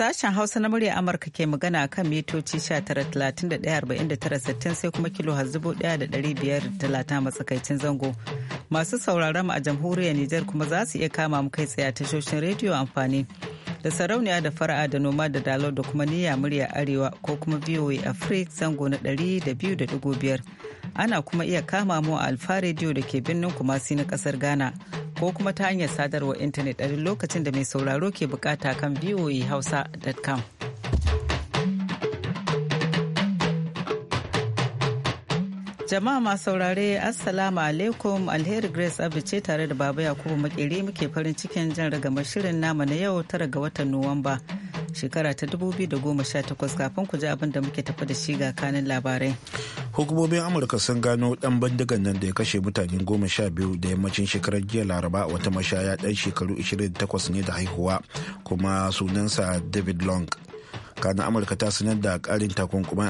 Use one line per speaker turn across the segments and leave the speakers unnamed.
Sashen Hausa na murya Amurka ke magana kan mitoci 19,31,49,60 sai kuma kilo hazzubu 1,530 matsakaicin zango. Masu sauraron a jamhuriyar Nijar kuma za su iya kama mu kai tsaye a tashoshin rediyo amfani da sarauniya da fara'a da noma da dalo da kuma niyya murya arewa ko kuma VOA Africa zango na 200.5. ana kuma iya kama mu a alfa rediyo da ke birnin kumasi na kasar ghana ko kuma ta hanyar sadarwar intanet a lokacin da mai sauraro ke bukata kan voahausa.com. hausa.com Jama'a masu saurare Assalamu alaikum Alheri Grace Abice tare da Baba Yakubu Makere muke farin cikin jan ragamar shirin nama na yau tara ga watan Nuwamba shekara ta 2018 kafin ku ji abin da muke tafi da shi ga kanin labarai.
Hukumomin Amurka sun gano dan bindigan nan da ya kashe mutane goma sha biyu da yammacin shekarar jiya Laraba wata mashaya dan shekaru 28 ne da haihuwa kuma sunansa David Long. kana amurka ta sanar da karin a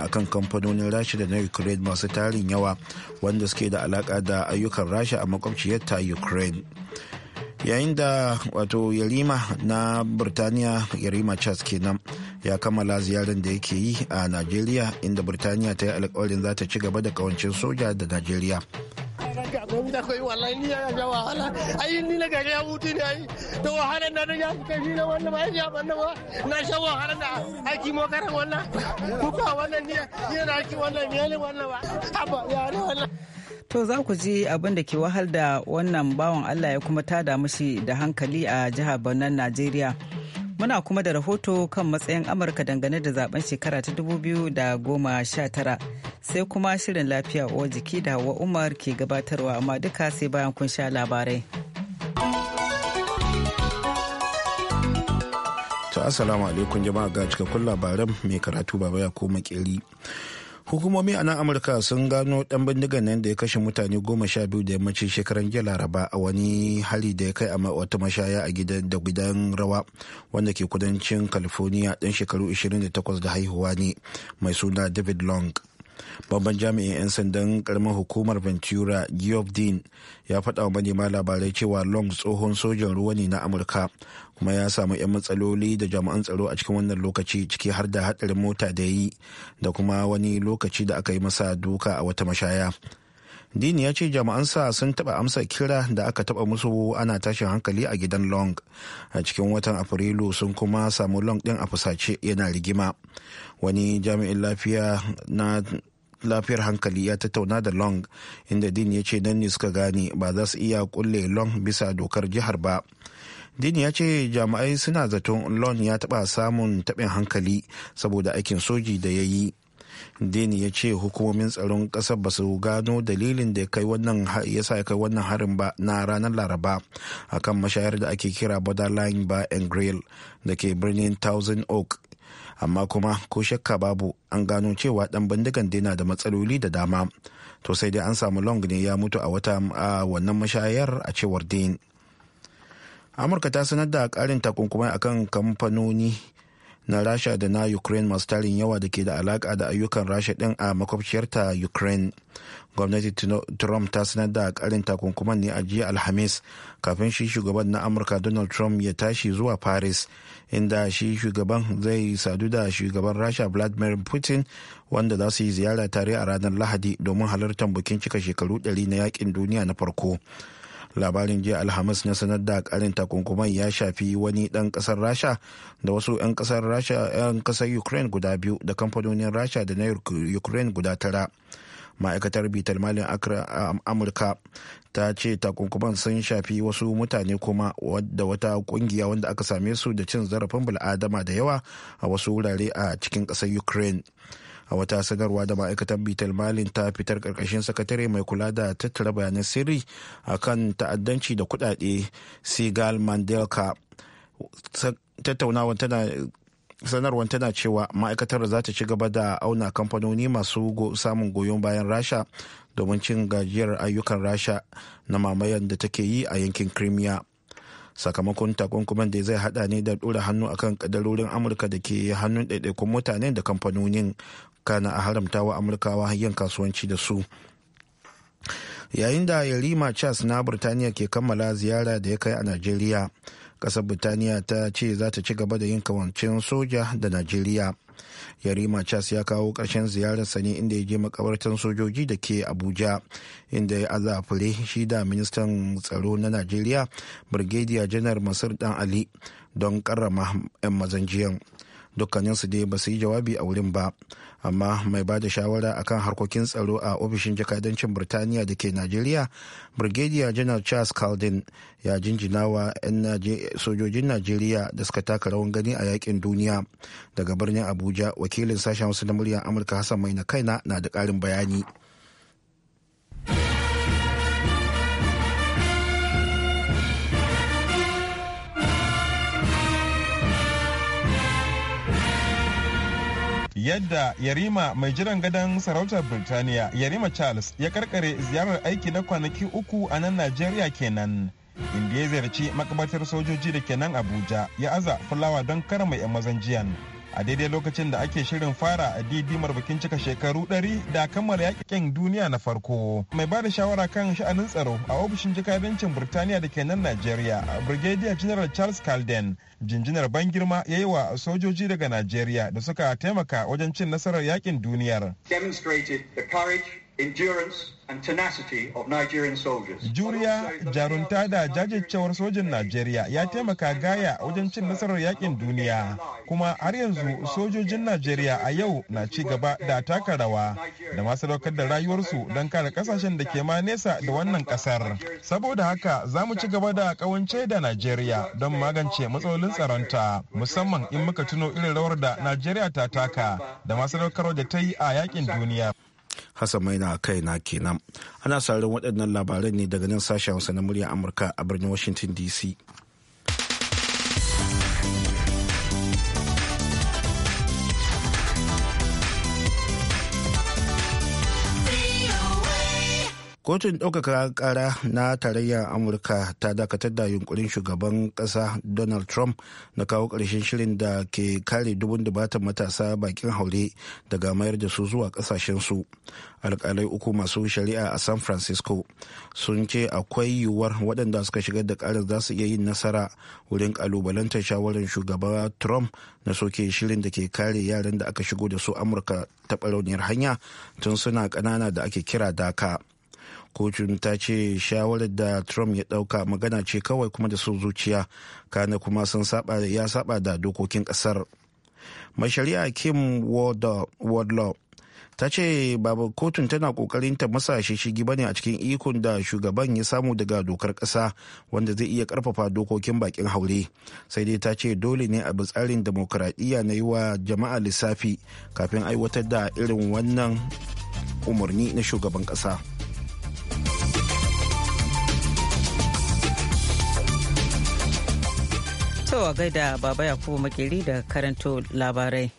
kan kamfanonin rasha da na ukraine masu tarin yawa wanda suke da alaka da ayyukan rasha a makwabciyar ta ukraine yayin da wato yarima na birtaniya yarima charles kenan ya kammala ziyarar da yake yi a najeriya inda birtaniya ta yi alkawarin za ta ci gaba da kawancin soja da najeriya
To za ku ji abin da ke wahal da wannan bawan Allah ya kuma tada mashi da hankali a jihar Bannan Najeriya. Muna kuma da rahoto kan matsayin Amurka dangane da zaben shekara ta dubu biyu da goma sha tara sai kuma shirin lafiya uwar jiki da wa Umar ke gabatarwa amma duka sai bayan kun sha labarai.
To Assalamu alaikum jama'a ga cikakkun labaran mai karatu baba ya ko makeri. hukumomi a nan amurka sun gano dan bindigan nan da ya kashe mutane goma sha biyu da yammacin shekaran jiya laraba a wani hali da ya kai a wata mashaya a gidan da gidan rawa wanda ke kudancin california dan shekaru 28 da haihuwa ne mai suna david long babban jami'in 'yan sandan karamin hukumar ventura geoff dean ya faɗa wa manema labarai cewa long tsohon sojan ruwa ne na amurka kuma ya samu 'yan matsaloli da jami'an tsaro a cikin wannan lokaci ciki har da hadarin mota da yi da kuma wani lokaci da aka yi masa duka a wata mashaya din ya ce jami'ansa sun taɓa amsa kira da aka taɓa musu ana tashin hankali a gidan long a cikin watan afrilu sun kuma samu long ɗin a fusace yana rigima wani jami'in lafiya na lafiyar hankali ya tattauna da long inda din ya ce nan ne suka gane ba za su iya kulle long bisa dokar jihar ba din ya ce jami'ai suna zaton long ya taɓa samun taɓin hankali saboda aikin soji da ya yi dini ya ce hukumomin tsaron ƙasar ba su gano dalilin da ya sa ya kai wannan harin ba na ranar laraba akan mashayar da ake kira borderline bar and grill da ke birnin thousand oak amma kuma ko shakka babu an gano cewa dan bindigan dina da matsaloli da dama to sai dai an samu long ne ya mutu a wata a wannan mashayar a cewar din amurka ta sanar da karin takunkumai akan kamfanoni na rasha da na ukraine masu tarin yawa da ke da alaka da ayyukan rasha din a makwabciyarta ukraine gwamnati trump ta sanar da karin takunkuman ne a jiya alhamis kafin shi shugaban na amurka donald trump ya tashi zuwa paris inda shi shugaban zai sadu da shugaban rasha vladimir putin wanda za su yi ziyara tare a ranar lahadi domin halartar bikin cika shekaru 100 na yakin duniya na farko labarin jiya alhamis na sanar da karin takunkuman ya shafi wani dan kasar rasha da wasu 'yan kasar rasha 'yan kasar ukraine guda biyu da kamfanonin rasha da na ukraine guda tara ma'aikatar bitar malin um, amurka ta ce takunkuman sun shafi wasu mutane kuma da wata kungiya wanda aka same su da cin zarafin bil'adama da yawa a wasu wurare a cikin ƙasar ukraine a wata sanarwa da ma'aikatan bitel malin ta fitar karkashin sakatare mai kula da tattara bayanan sirri kan ta'addanci da kudade sigal mandelka tattaunawar tana sanarwar tana cewa ma'aikatar za ta ci gaba da auna kamfanoni masu samun goyon bayan rasha domin cin gajiyar ayyukan rasha na mamayan da take yi a yankin crimea sakamakon takunkuman da zai hada ne da dora hannu akan kadarorin amurka da ke hannun ɗaiɗaikun mutane da kamfanonin kana a haramta wa amurkawa yin kasuwanci da su yayin da yarima charles na burtaniya ke kammala ziyara da ya kai a najeriya kasar birtaniya ta ce za ta ci gaba da yin kawancin soja da najeriya yarima chas ya kawo ƙarshen ziyararsa ne inda ya je makabartan sojoji da ke abuja inda ya aza fure shi da ministan tsaro na najeriya brigadier janar masar dan ali don karrama 'yan mazanjiyan dukkaninsu dai ba su yi jawabi a wurin ba amma mai ba da shawara akan harkokin tsaro a ofishin jakadancin birtaniya da ke najeriya brigadier general charles calden ya jinjina wa sojojin najeriya da suka taka rawan gani a yakin duniya daga birnin abuja wakilin sashen wasu na muryar amurka hassan mai na kaina na da karin bayani
yadda yarima mai jiran gadon sarautar birtaniya yarima charles ya karkare ziyarar aiki na kwanaki uku a nan najeriya kenan inda ya ziyarci makabatar sojoji da kenan abuja ya aza fulawa don mai 'yan mazan jiyan a daidai lokacin da ake shirin fara a didimar bikin cika shekaru 100 da kammala yakin duniya na farko mai ba da shawara kan sha'anin tsaro a ofishin jikadancin birtaniya da ke nan najeriya brigadier general charles calden jinjinar ban girma ya yi wa sojoji daga najeriya da suka taimaka wajen cin nasarar yakin duniyar Juriya, jarunta da jajircewar sojin Najeriya ya taimaka gaya wajen cin nasarar yakin duniya. Kuma har yanzu sojojin Najeriya a yau na ci gaba da taka rawa da masu daukar da rayuwarsu don kare kasashen da ke ma nesa da wannan kasar. Saboda haka za mu ci gaba da kawance da Najeriya don magance matsalolin tsaronta musamman in muka tuno irin rawar da Najeriya ta taka da masu daukar da ta yi a yakin duniya.
Hassan Maina kaina kenan. Ana sauran waɗannan labaran ne daga nan sashen Hausa na murya Amurka a birnin Washington DC. kotun ɗaukaka ƙara na tarayyar amurka ta dakatar da yunkurin shugaban ƙasa donald trump na kawo ƙarshen shirin da ke kare dubun dubatan matasa bakin haure daga mayar da su zuwa ƙasashensu alƙalai uku masu shari'a a san francisco sun ce akwai yiwuwar waɗanda suka shigar da ƙarin za su iya yin nasara wurin ƙalubalantar shawarar shugaba trump na soke shirin da ke kare yaran da aka shigo da su amurka ta ɓarauniyar hanya tun suna ƙanana da ake kira daka kotun ta ce shawarar da trump ya dauka magana ce kawai kuma da son zuciya kana kuma sun saba ya saba da dokokin kasar mai kim wardlaw ta ce babu kotun tana kokarin ta masa shishigi bane a cikin ikon da shugaban ya samu daga dokar kasa wanda zai iya karfafa dokokin bakin haure sai dai ta ce dole ne a bi tsarin demokradiyya na yi wa jama'a lissafi kafin aiwatar da irin wannan umarni na shugaban kasa.
To gaida Baba Yakubu Makeri da karanto labarai.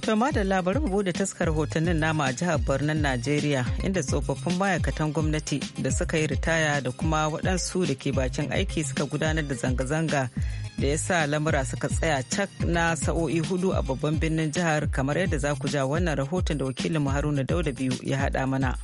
To da labarin bude taskar hotunan nama a jihar birnin Najeriya inda tsofaffin ma'aikatan gwamnati da suka yi ritaya da kuma waɗansu da ke bakin aiki suka gudanar da zanga-zanga da ya sa lamura suka tsaya cak na sa'o'i hudu a babban birnin jihar kamar yadda za ku ja wannan rahoton da wakilin haruna dauda biyu ya haɗa mana.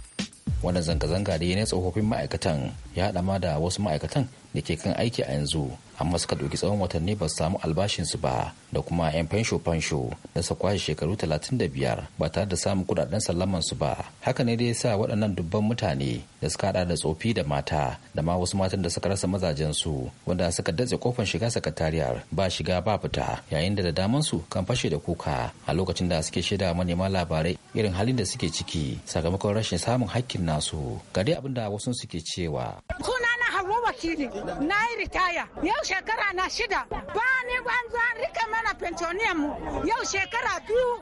wannan zanga-zanga da ya ne tsofaffin ma'aikatan ya haɗa ma da wasu ma'aikatan da ke kan aiki a yanzu amma suka ɗauki tsawon watanni ba su samu albashinsu ba da kuma 'yan fansho fansho da su kwashe shekaru 35 ba tare da samun kudaden su ba haka ne dai sa waɗannan dubban mutane da suka hada da tsofi da mata da ma wasu matan da suka rasa mazajen su wanda suka datse kofar shiga sakatariyar ba shiga ba fita yayin da da daman su kan fashe da kuka a lokacin da suke shaida manema labarai irin halin da suke ciki sakamakon rashin samun hakkin nasu ga dai abin da wasu suke cewa
sunana hawa wakili na yi ritaya yau shekara na shida ba ni banza rika mana pensioniyan mu yau shekara biyu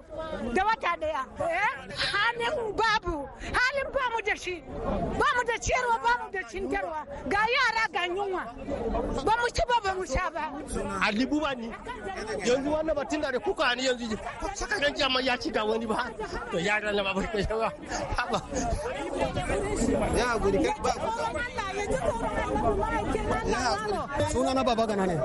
da wata daya eh, halin babu halin ba mu da shi ba mu da ciyarwa ba mu da cintarwa
ga yara ga yunwa ba mu ci ba ba mu sha ba Ali buba ni yanzu wannan batun da kuka ni yanzu saka ran jama ya ci da wani ba to yara na ba ba ko shawa ya guri ba ya guri ba ba bagana ne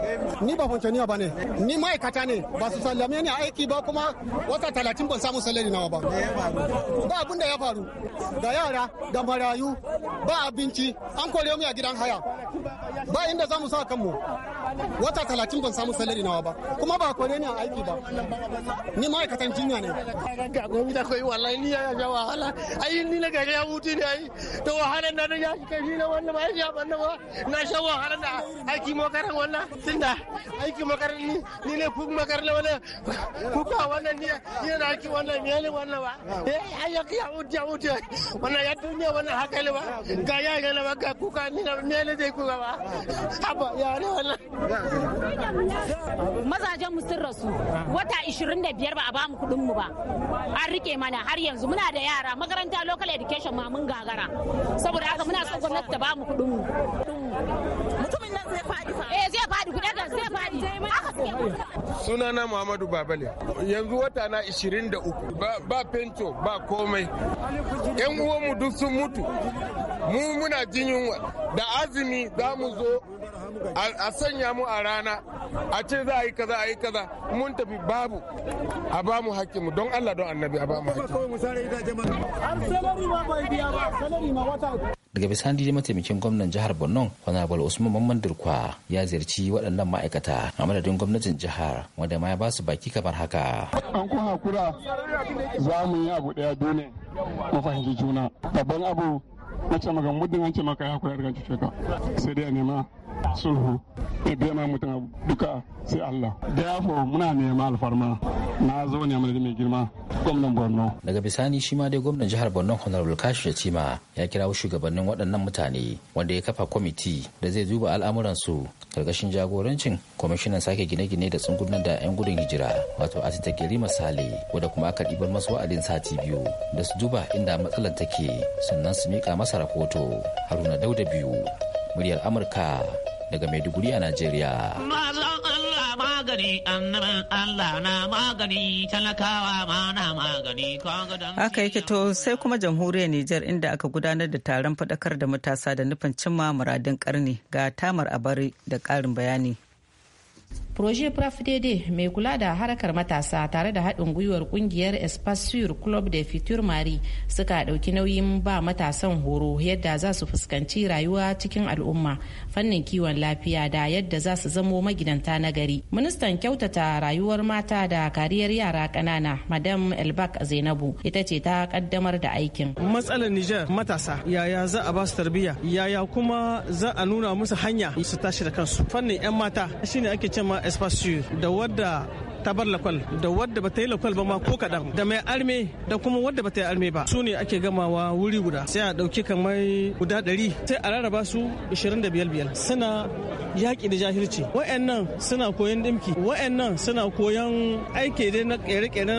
ni ba fantaniya ba ne ni ma'aikata ne ba su sallame ni aiki ba kuma wata talatin ban samu salari nawa ba
ba
abin da ya faru da yara da marayu ba abinci an kore mu a gidan haya ba inda za mu sa kanmu wata talatin ban samu salari nawa ba kuma ba kore ni a aiki ba ni ma'aikatan jinya ne ga gobe da koi wallahi ni ya ja wahala ai ni na gari ya hutu ne ai to wahalan da ya shi kai ni na wannan ba ya ba na sha wahalan da aiki mo karan wannan tunda aikin makarar ni ni ne kuk makarar wannan kuka wannan ni ni na aikin wannan me ne wannan ba eh ayya ki yawut yawut wannan ya duniya wannan haka ne ba ga ya ga na ga kuka ni na me ne dai kuka ba haba ya ne wannan
mazajen mu sun rasu wata 25 ba a ba mu kudin mu ba an rike mana har yanzu muna da yara makaranta local education ma mun gagara saboda haka muna son gwamnati ta ba mu kudin mu Eh zai faɗi kuɗin da zai faɗi.
Haka suke Sunana Muhammadu Babale. Yanzu wata na 23 ba fento ba komai. Yan uwanmu duk sun mutu. Mu muna jin yunwa da azumi za mu zo a sanya mu a rana a ce za a yi kaza a yi kaza mun tafi babu a ba mu mu don Allah don annabi a ba mu
daga bisani da mataimakin gwamnan jihar borno honorable usman mamman dirkwa ya ziyarci waɗannan ma'aikata a madadin gwamnatin jihar wanda ma ya ba su baki kamar haka
an ku hakura za mu yi abu ɗaya dole mu fahimci juna babban abu na ce maka muddin an ce maka ya hakura daga cuce ka sai dai a nema sulhu to biya mutum duka sai Allah. Da yafo muna nema alfarma na zo ne mai mai girma gwamnan Borno.
Daga bisani shi ma dai gwamnan jihar Borno Honorable Kashi Cima ya kirawo shugabannin waɗannan mutane wanda ya kafa kwamiti da zai duba al'amuransu karkashin jagorancin kwamishinan sake gine-gine da tsungunan da 'yan gudun hijira wato ta gari Sale wadda kuma aka ɗibar masu wa'adin sati biyu da su duba inda matsalar take sannan su miƙa masa rahoto Haruna Dauda biyu muryar amurka daga maiduguri a najeriya
magani Allah na magani talakawa ma na haka yake to sai kuma jamhuriyar Nijar inda aka gudanar da taron fadakar da matasa da nufin cimma muradin karni ga tamar bari da karin bayani
proje prafdede mai kula da harkar matasa tare da haɗin gwiwar ƙungiyar espasur club de fitur mari suka ɗauki nauyin ba matasan horo yadda za su fuskanci rayuwa cikin al'umma fannin kiwon lafiya da yadda za su zamo magidanta na gari ministan kyautata rayuwar mata da kariyar yara ƙanana madam elbak zainabu ita ce ta ƙaddamar da aikin
matsalar Nijar matasa yaya za a ba su tarbiyya yaya kuma za a nuna musu hanya su tashi da kansu fannin 'yan mata shine ake cewa espace da wadda ta bar lakwal da wadda ba ta yi lakwal ba ma ko kaɗan da mai arme da kuma wadda ba ta yi arme ba su ne ake gamawa wuri guda sai a ɗauki kamar guda ɗari sai a rarraba su 25 biyar suna yaƙi da jahilci wa'annan suna koyon ɗimki wa'annan suna koyon aiki dai na ƙere-ƙere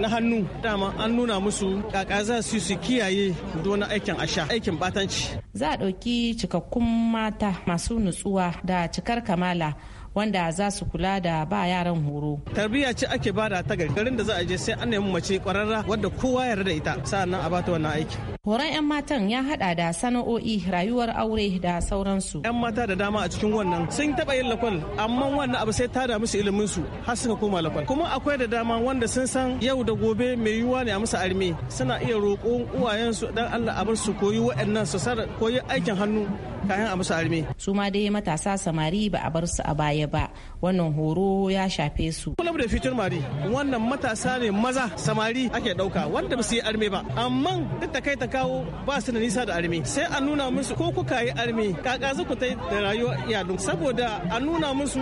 na hannu dama an nuna musu ƙaƙa za su su kiyaye wani aikin asha aikin batanci za a ɗauki
cikakkun mata masu nutsuwa da cikar kamala wanda za su kula da ba yaran horo.
Tarbiyya ce ake bada ta garin da za a je sai an nemi mace kwararra wadda kowa ya da ita sa'annan a bata wannan aiki.
Horon 'yan matan ya hada da sana'o'i rayuwar aure da sauransu.
'Yan mata da dama a cikin wannan sun taba yin lakwal amma wannan abu sai ta da musu ilimin su har suka koma lakwal. Kuma akwai da dama wanda sun san yau da gobe mai yiwuwa ne a musu arme suna iya roƙon uwayensu dan Allah a bar su koyi wa'annan su koyi aikin hannu kayan a musu arme. su ma dai
matasa samari ba a bar su a baya ba wannan horo ya shafe su.
kullum da fitur mari wannan matasa ne maza samari ake dauka wanda ba su yi arme ba amma duk da kai ta kawo ba su da nisa da arme sai a nuna musu ko kuka yi arme kaka ku ta da rayuwa iyalin saboda a nuna musu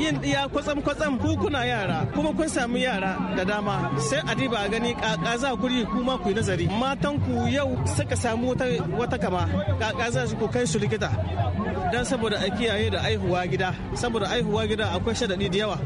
yin iya kwatsam kwatsam ku kuna yara kuma kun samu yara da dama sai a diba gani kaka za kuri kuma ku yi nazari matan ku yau suka samu wata kama kaka za su ku kai su likita don saboda a kiyaye da aihuwa gida saboda aihuwa gida akwai shadadi da yawa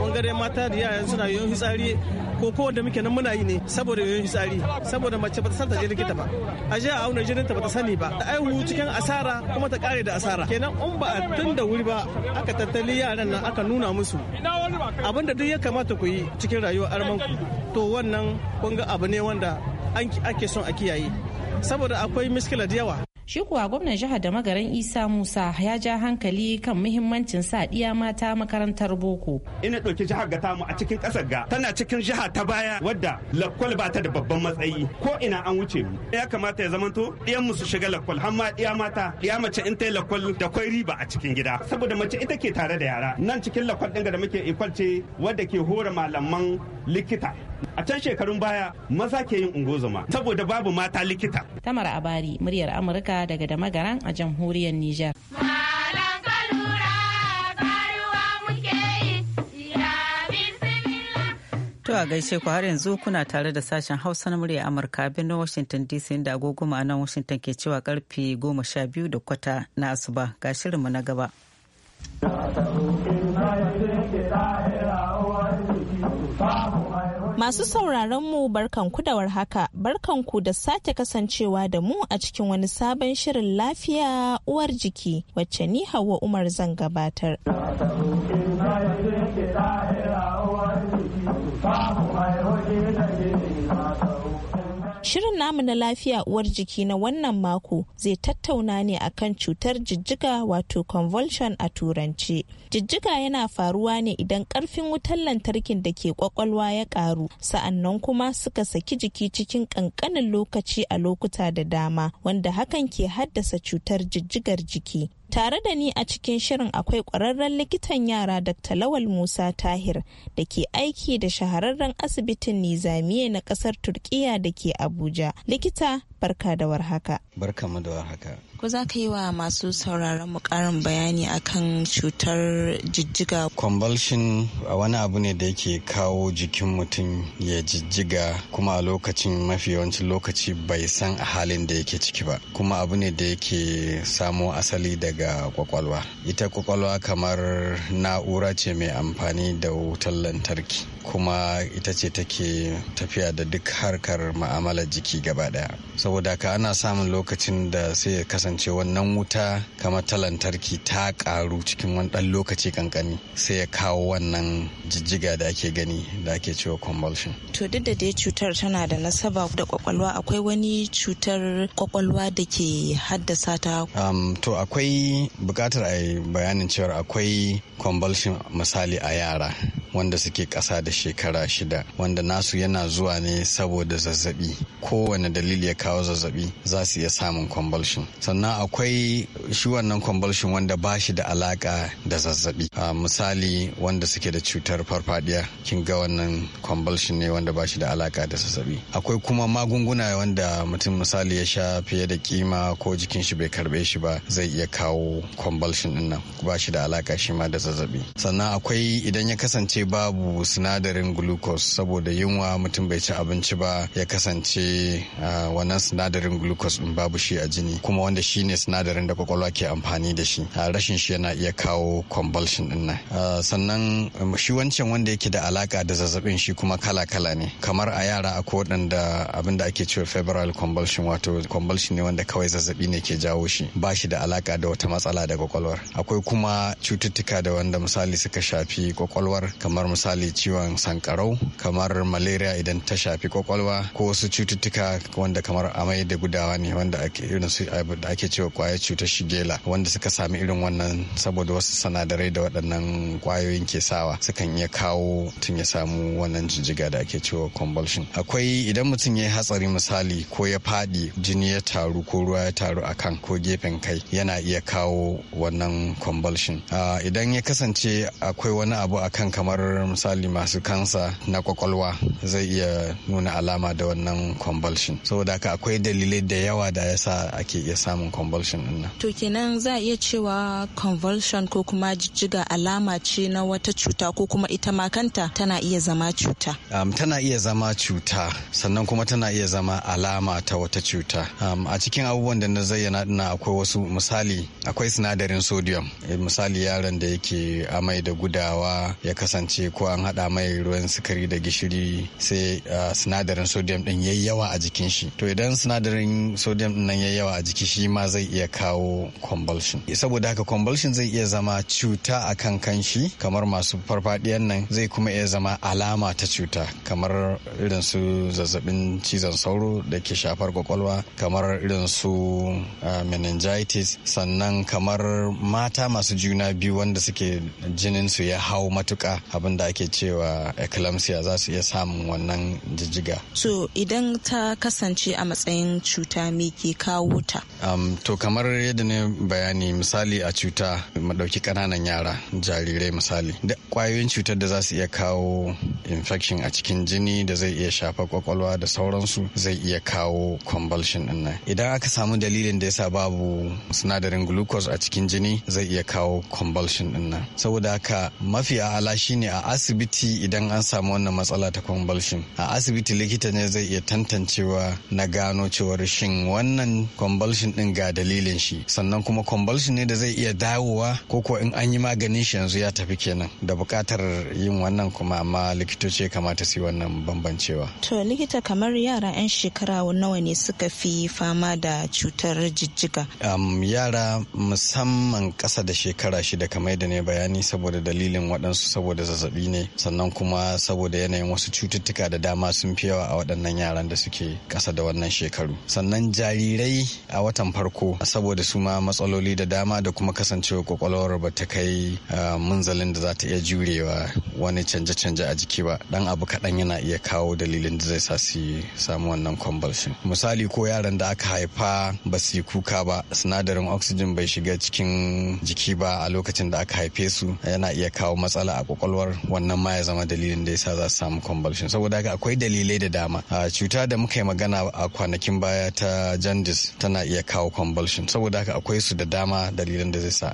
bangare mata da yayan suna yoyon fitsari ko kowa da muke nan muna yi ne saboda yoyon fitsari saboda mace bata san ta je likita ba a je a auna jinin ta bata sani ba aihu cikin asara kuma ta kare da asara kenan in ba a tun da wuri ba aka tattali yaran nan aka nuna musu abinda duk ya kamata ku yi cikin rayuwar armanku to wannan kun ga abu ne wanda ake son a kiyaye saboda akwai miskila da yawa
Shi kuwa gwamnan jihar da magaran Isa Musa ya ja hankali kan muhimmancin sa ɗiya mata makarantar boko.
Ina ɗauki jihar ga tamu a cikin ƙasar ga tana cikin jiha ta baya wadda lakwal ba ta da babban matsayi ko ina an wuce mu. Ya kamata ya zamanto ɗiyan mu su shiga lakwal har ma iya mata iya mace in ta yi lakwal da kwai riba a cikin gida saboda mace ita ke tare da yara nan cikin lakwal ɗin da muke ikwal ce wadda ke hora malaman likita a can shekarun baya maza ke yin ungozoma saboda babu mata likita
tamar abari muryar amurka daga damagaran a
jamhuriyar niger To a gaishe ku har yanzu kuna tare da sashen Hausa na murya Amurka birnin Washington DC inda agogoma a nan Washington ke cewa karfe goma sha biyu da kwata na asuba ga shirinmu na gaba.
Masu sauraron mu barkan kudawar haka barkan ku da sake kasancewa da mu a cikin wani sabon shirin lafiya uwar jiki wacce ni Hauwa Umar zan gabatar. Shirin namu na lafiya uwar jiki na wannan mako zai tattauna ne akan cutar jijjiga wato convulsion a turance. Jijjiga yana faruwa ne idan karfin wutar lantarkin da ke kwakwalwa ya karu sa'annan kuma suka saki jiki cikin kankanin lokaci a lokuta da dama wanda hakan ke haddasa cutar jijjigar jiki. Tare da ni a cikin shirin akwai ƙwararren likitan yara Dr. Lawal Musa Tahir da ke aiki da shahararren asibitin Nizamiye na ƙasar Turkiya da ke Abuja. Likita barka da warhaka.
Barka da
warhaka.
Ko za ka yi wa masu sauraron mu karin bayani akan cutar
jijjiga? Convulsion wani abu ne da yake kawo jikin mutum ya jijjiga kuma a lokacin mafi yawancin lokaci bai san a halin da yake ciki ba. Kuma abu ne da yake samo asali daga kwakwalwa. Ita kwakwalwa kamar na'ura ce mai amfani da wutar lantarki kuma ita ce take tafiya da duk harkar ma'amalar jiki gaba daya. Saboda ka ana samun lokacin da sai ya kasance wannan wuta kamar ta lantarki ta karu cikin wani ɗan lokaci kankani sai ya kawo wannan jijjiga da ake gani da ake cewa convulsion.
To duk da dai cutar tana da nasaba da kwakwalwa akwai wani cutar kwakwalwa da ke haddasa ta?
to akwai bukatar a bayanin cewa akwai convulsion misali a yara. wanda suke ƙasa da shekara shida wanda nasu yana zuwa ne saboda zazzabi kowane dalili ya kawo zazzabi za su iya samun convulsion sannan akwai shi wannan convulsion wanda ba shi da alaka da zazzabi misali wanda suke da cutar farfadiya kin ga wannan convulsion ne wanda ba shi da alaka da zazzabi akwai kuma magunguna wanda mutum misali ya sha fiye da kima ko jikin shi bai karbe shi ba zai iya kawo convulsion din nan ba shi da alaka shi ma da zazzabi sannan akwai idan ya kasance babu sinadarin glucose saboda yunwa mutum bai ci abinci ba ya kasance wannan sinadarin glucose din babu shi a jini kuma wanda shi ne sinadarin da kwakwalwa ke amfani da shi rashin shi yana iya kawo convulsion din nan sannan um, shi wancan wanda yake da alaka da zazzabin shi kuma kala-kala ne kamar a yara a waɗanda abin da ake cewa febrile convulsion wato convulsion ne wanda kawai zazzabi ne ke jawo shi ba shi da alaka da wata matsala da kwakwalwar akwai kuma cututtuka da wanda misali suka shafi kwakwalwar kamar kamar misali ciwon sankarau kamar malaria idan ta shafi kwakwalwa ko wasu cututtuka wanda kamar amai da gudawa ne wanda ake irin su da ake cewa kwayar cutar shigela wanda suka sami irin wannan saboda wasu sanadarai da waɗannan kwayoyin ke sawa sukan iya kawo tun ya samu wannan jijjiga da ake cewa convulsion akwai idan mutum ya yi hatsari misali ko ya faɗi jini ya taru ko ruwa ya taru a kan ko gefen kai yana iya kawo wannan convulsion ah, idan ya kasance akwai wani abu akan kamar kamar misali masu kansa na kwakwalwa zai iya nuna alama da wannan convulsion saboda haka akwai dalilai da yawa da yasa ake iya samun convulsion din nan
to kenan za a iya cewa convulsion ko kuma jijjiga alama ce na wata cuta ko kuma ita ma kanta tana iya zama cuta
tana iya zama cuta sannan kuma tana iya zama alama ta wata cuta a cikin abubuwan da na zayyana dina akwai wasu misali akwai sinadarin sodium eh, misali yaron da yake amai da gudawa ya kasance kasance ko an haɗa mai ruwan sukari da gishiri sai ah, sinadarin sodium ɗin yayi yawa a jikin shi to idan sinadarin sodium ɗin nan yayi yawa a jiki shi ma zai iya kawo convulsion saboda haka convulsion zai iya zama cuta a kan kanshi kamar masu farfadiyan nan zai kuma iya zama alama ta cuta kamar irin su zazzabin cizon sauro da ke shafar kwakwalwa kamar irin su ah, meningitis sannan kamar mata masu juna biyu wanda suke jinin su ya hau matuka abin da ake cewa eclampsia za su iya samun wannan jijjiga
so idan ta kasance a matsayin cuta me ke kawo ta
um, to kamar yadda ne bayani misali a cuta madauki kananan yara jarirai misali da kwayoyin cutar da za su iya kawo infection a cikin jini da zai iya shafa kwakwalwa da sauransu zai iya kawo convulsion din nan idan aka samu dalilin da yasa babu sinadarin glucose a cikin jini zai iya kawo convulsion din nan saboda haka mafi ala shine a asibiti idan an samu wannan matsala ta convulsion a asibiti likita ne zai iya tantancewa na gano cewar shin wannan convulsion din ga dalilin shi sannan kuma convulsion ne da zai iya dawowa ko ko in an yi maganin shi yanzu ya tafi kenan da bukatar yin wannan kuma amma likitoci kamata su yi wannan bambancewa
to likita kamar yara 'yan shekara nawa ne suka fi fama da cutar jijjiga
yara musamman ƙasa da shekara shida kamar da ne bayani saboda dalilin waɗansu saboda zazzabi ne sannan kuma saboda yanayin wasu cututtuka da dama sun fi yawa a waɗannan yaran da suke ƙasa da wannan shekaru sannan jarirai a watan farko saboda su ma matsaloli da dama da kuma kasancewa kwakwalwar ba ta kai munzalin da za ta iya jurewa wani canje-canje a jiki ba dan abu kaɗan yana iya kawo dalilin da zai sa su samu wannan convulsion misali ko yaran da aka haifa ba su yi kuka ba sinadarin oxygen bai shiga cikin jiki ba a lokacin da aka haife su yana iya kawo matsala a kwakwalwar kamar wannan ma ya zama dalilin da yasa za su samu convulsion saboda haka akwai dalilai da dama a cuta da muka yi magana a kwanakin baya ta jandis tana iya kawo convulsion saboda haka akwai su da dama dalilan da zai sa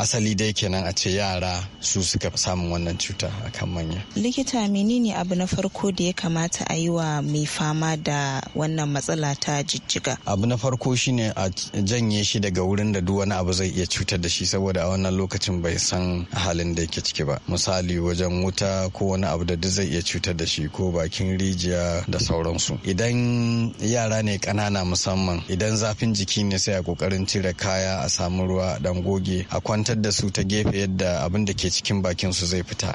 asali dai kenan a ce yara su suka samu wannan cuta akan manya
likita menene abu na farko da ya kamata a yi wa mai fama da
wannan matsala ta jijjiga abu na farko shine a janye shi daga wurin da duk wani abu zai iya cutar da shi saboda a wannan lokacin bai san halin da yake ciki ba misali wajen wuta ko wani abu da du zai iya cutar da shi ko bakin rijiya da sauransu idan yara ne kanana musamman idan zafin jiki ne sai a kokarin cire kaya a samu ruwa dan goge a kwantar da su ta gefe yadda abin da ke cikin bakin su zai fita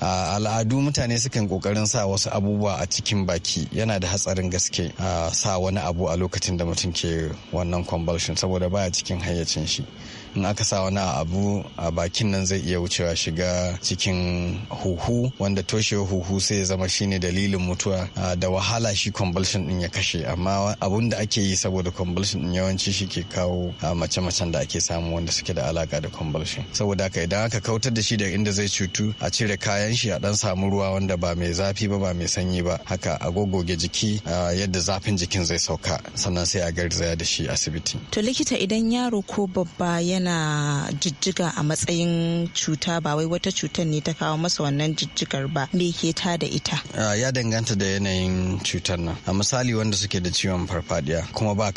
a al'adu mutane sukan kokarin sa wasu abubuwa a cikin baki yana da hatsarin gaske a sa wani abu a lokacin da mutum ke wannan convulsion saboda baya cikin hayyacin shi in aka sa wani abu a bakin nan zai iya wucewa shiga cikin huhu wanda toshewar huhu sai ya zama shine dalilin mutuwa da wahala shi convulsion din ya kashe amma abun da ake yi saboda convulsion din yawanci shi ke kawo mace-macen da ake samu wanda suke da alaka da convulsion saboda haka idan aka kautar da shi da inda zai cutu a cire kayan shi a dan samu ruwa wanda ba mai zafi ba ba mai sanyi ba haka a goggoge jiki yadda zafin jikin zai sauka sannan sai a garzaya da shi asibiti
to likita idan yaro ko babba yana yana jijjiga a matsayin cuta ba wai wata cutar ne ta kawo masa wannan jijjigar ba me ke ta da ita
ah, ya danganta da yanayin cutar nan a misali wanda suke da ciwon farfadiya kuma ba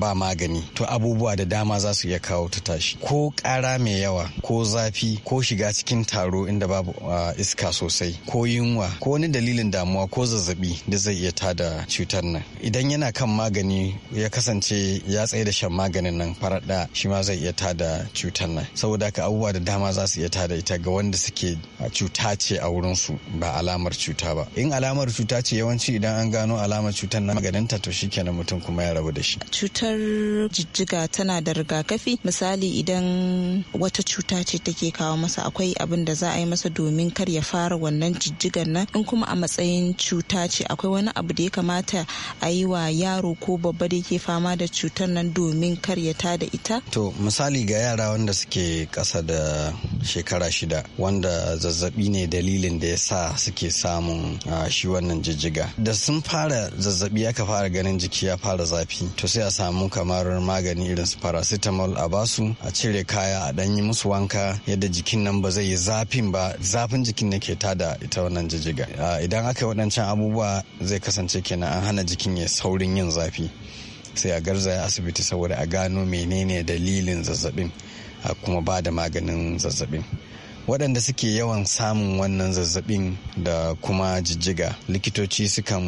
ba magani to abubuwa da dama za su iya kawo ta tashi ko ƙara mai yawa ko zafi ko shiga cikin taro inda babu ah, iska sosai ko yunwa ko wani dalilin damuwa ko zazzabi da zai iya tada cutar nan idan yana kan magani ya kasance ya tsaye da shan maganin nan ɗaya shi ma zai iya tada cutar nan saboda haka abubuwa da dama za su iya tada ita ga wanda suke cuta ce a wurin su ba alamar cuta ba in alamar cuta ce yawanci idan an gano alamar cutar na ta to shikenan mutum kuma ya rabu da shi
cutar jijjiga tana da rigakafi misali idan wata cuta ce take kawo masa akwai abin da za a yi masa domin kar ya fara wannan jijjigan nan in kuma a matsayin cuta ce akwai wani abu da ya kamata a yi wa yaro ko babba da yake fama da cutar nan domin kar ya tada ita
to misali ga yara wanda suke ƙasa da shekara shida wanda zazzabi ne dalilin da ya sa suke samun shi wannan jijjiga da sun fara zazzabi aka fara ganin jiki ya fara zafi to sai a samu kamar magani irin su paracetamol a basu a cire kaya a dan yi musu wanka yadda jikin nan ba zai yi zafin ba zafin jikin ne ke tada ita wannan jijjiga idan aka yi waɗancan abubuwa zai kasance kenan an hana jikin ya saurin yin zafi sai a garza garzaya asibiti saboda a gano menene dalilin zazzabin a kuma ba da maganin zazzabin waɗanda suke yawan samun wannan zazzabin da kuma jijjiga likitoci sukan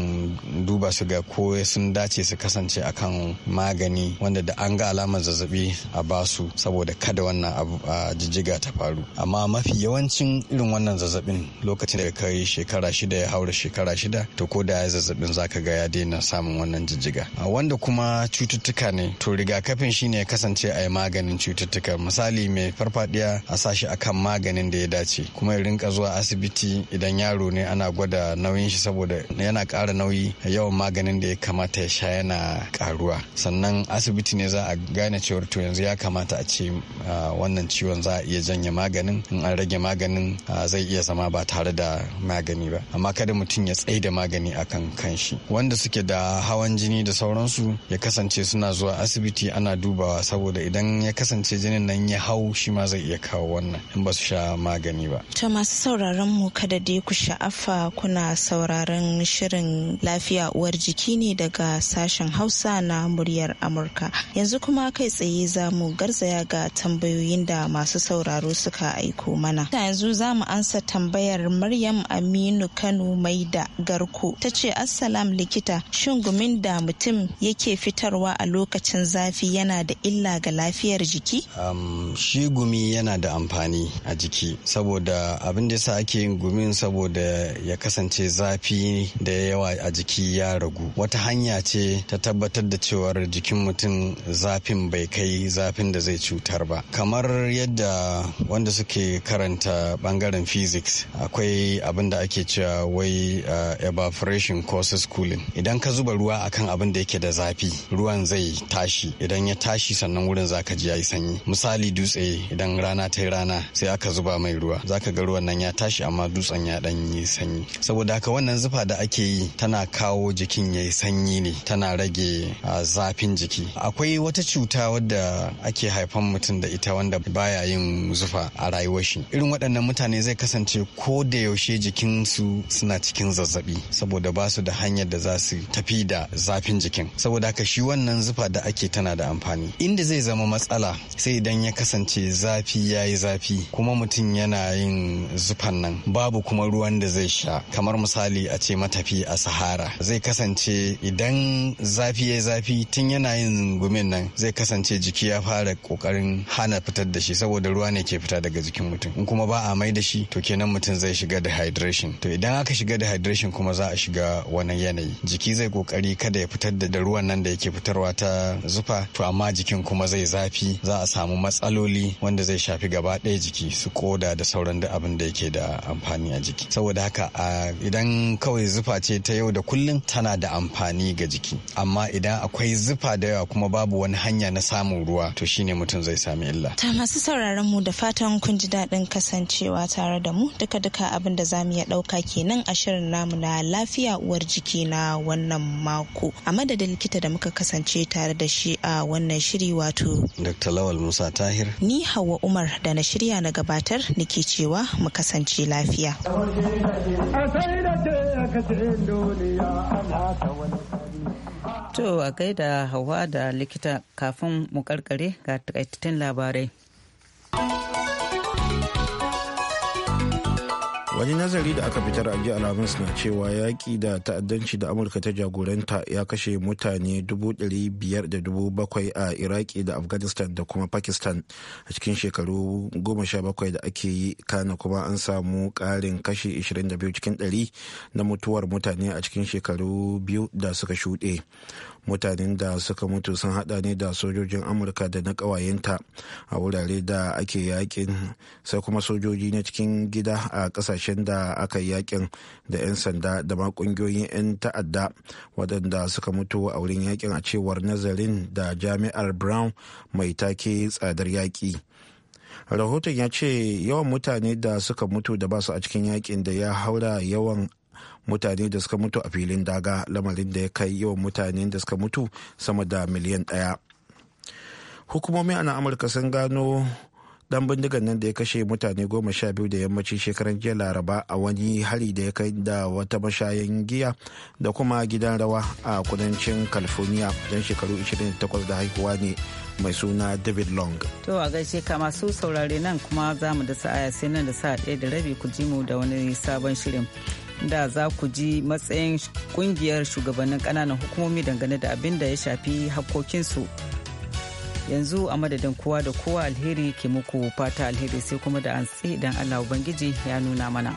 duba su ga ko sun dace su kasance akan magani wanda da an ga alamar zazzabi a basu saboda kada wannan a jijjiga ta faru amma mafi yawancin irin wannan zazzabin lokacin da kai shekara shida ya haura shekara shida to ko da ya zazzabin zaka ga ya daina samun wannan jijjiga a wanda kuma cututtuka ne to rigakafin shine ya kasance a yi maganin cututtuka misali mai farfadiya a sa sashi akan maganin maganin da ya dace kuma ya rinka zuwa asibiti idan yaro ne ana gwada nauyin shi saboda yana ƙara nauyi yawan maganin da ya kamata ya sha yana ƙaruwa sannan asibiti ne za a gane cewar to yanzu ya kamata a ce wannan ciwon za a iya janye maganin in an rage maganin zai iya zama ba tare da magani ba amma kada mutum ya tsaida da magani akan kanshi wanda suke da hawan jini da sauransu ya kasance suna zuwa asibiti ana dubawa saboda idan ya kasance jinin nan ya hau shi ma zai iya kawo wannan in ba su sha magani ba.
Ta masu sauraron mu kada dai ku sha'afa kuna sauraron shirin lafiya uwar jiki ne daga sashen Hausa na muryar Amurka. Yanzu kuma kai tsaye za mu garzaya ga tambayoyin da masu sauraro suka aiko mana. Ta yanzu za mu ansa tambayar Maryam Aminu Kano mai da Garku, ta ce Assalam likita shin gumin da mutum yake fitarwa a lokacin zafi yana da illa ga lafiyar jiki?
Um, shi gumi yana da amfani a jiki. shi saboda abin da yasa ake yin gumin saboda ya kasance zafi da yawa a jiki ya ragu wata hanya ce ta tabbatar da cewar jikin mutum zafin bai kai zafin da zai cutar ba kamar yadda wanda suke karanta bangaren physics akwai abin da ake cewa wai eh, evaporation causes cooling idan ka zuba ruwa akan abin da yake da zafi ruwan zai tashi idan ya tashi sannan wurin zaka ji yayi sanyi misali dutse idan rana ta yi rana sai aka zuba zuba mai ruwa zaka ga ruwan nan ya tashi amma dutsen ya dan yi sanyi saboda haka wannan zufa da ake yi tana kawo jikin ya yi sanyi ne tana rage zafin jiki akwai wata cuta wadda ake haifan mutum da ita wanda baya yin zufa a rayuwar shi irin waɗannan mutane zai kasance ko da yaushe jikin su suna cikin zazzabi saboda ba su da hanyar da za su tafi da zafin jikin saboda haka shi wannan zufa da ake tana da amfani inda zai zama matsala sai idan ya kasance zafi ya yi zafi kuma mutum mutum yana yin zufan nan babu kuma ruwan da zai sha kamar misali a ce matafi a sahara zai kasance idan zafi ya zafi tun yana yin gumin nan zai kasance jiki ya fara kokarin hana fitar da shi saboda ruwa ne ke fita daga jikin mutum in kuma ba a mai da shi to kenan mutum zai shiga dehydration to idan aka shiga dehydration kuma za a shiga wani yanayi jiki zai kokari kada ya fitar da ruwan nan da yake fitarwa ta zufa to amma jikin kuma zai zafi za a samu matsaloli wanda zai shafi gaba ɗaya jiki su ko koda da sauran da abin da yake da amfani a jiki saboda haka idan kawai zufa ce ta yau da kullum tana da amfani ga jiki amma idan akwai zufa da yawa kuma babu wani hanya na samun ruwa to shine mutum zai sami illa
ta masu sauraron mu da fatan kun ji daɗin kasancewa tare da mu duka-duka abin da zamu iya ɗauka kenan a shirin namu na lafiya uwar jiki na wannan mako a madadin likita da muka kasance tare da shi a wannan shiri wato
dr lawal musa tahir
ni hawa umar da na shirya na gabatar gabatar nake cewa mu kasance lafiya.
To a gaida hawa da likita kafin mu karkare ga takaitattun labarai. wani nazari
da aka fitar a jiya alhamis na cewa yaƙi da ta'addanci da amurka ta jagoranta ya kashe mutane 500,000 a iraki da afghanistan da kuma pakistan a cikin shekaru 17 da ake yi kana kuma an samu ƙarin kashe 22 cikin 100 na mutuwar mutane a cikin shekaru biyu da suka shuɗe mutanen da suka mutu sun hada ne da sojojin amurka da na ƙawayenta a wurare da ake yakin sai kuma sojoji na cikin gida a kasashen da aka yi yakin da 'yan sanda da ma ƙungiyoyin 'yan ta'adda waɗanda suka mutu a wurin yakin a cewar nazarin da jami'ar brown mai take tsadar yaƙi. rahoton ya ce yawan mutane da suka mutu da basu a cikin yakin da ya haura yawan mutane da suka mutu a filin daga lamarin da ya kai yawan mutane da suka mutu sama da miliyan ɗaya hukumomi a amurka sun gano dan bindigan nan da ya kashe mutane goma sha biyu da yammacin shekaran jiya laraba a wani hari da ya kai da wata mashayan giya da kuma gidan rawa a kudancin california don shekaru 28 da haihuwa ne mai suna david long
to a gaishe ka masu saurare nan kuma za mu da sa'a sai nan da sa'a ɗaya da rabi ku ji mu da wani sabon shirin da za ku ji matsayin kungiyar shugabannin ƙananan hukumomi dangane da abin da ya shafi hakkokinsu yanzu a madadin kowa da kowa alheri ke muku fata alheri sai kuma da an idan allah ubangiji ya nuna mana.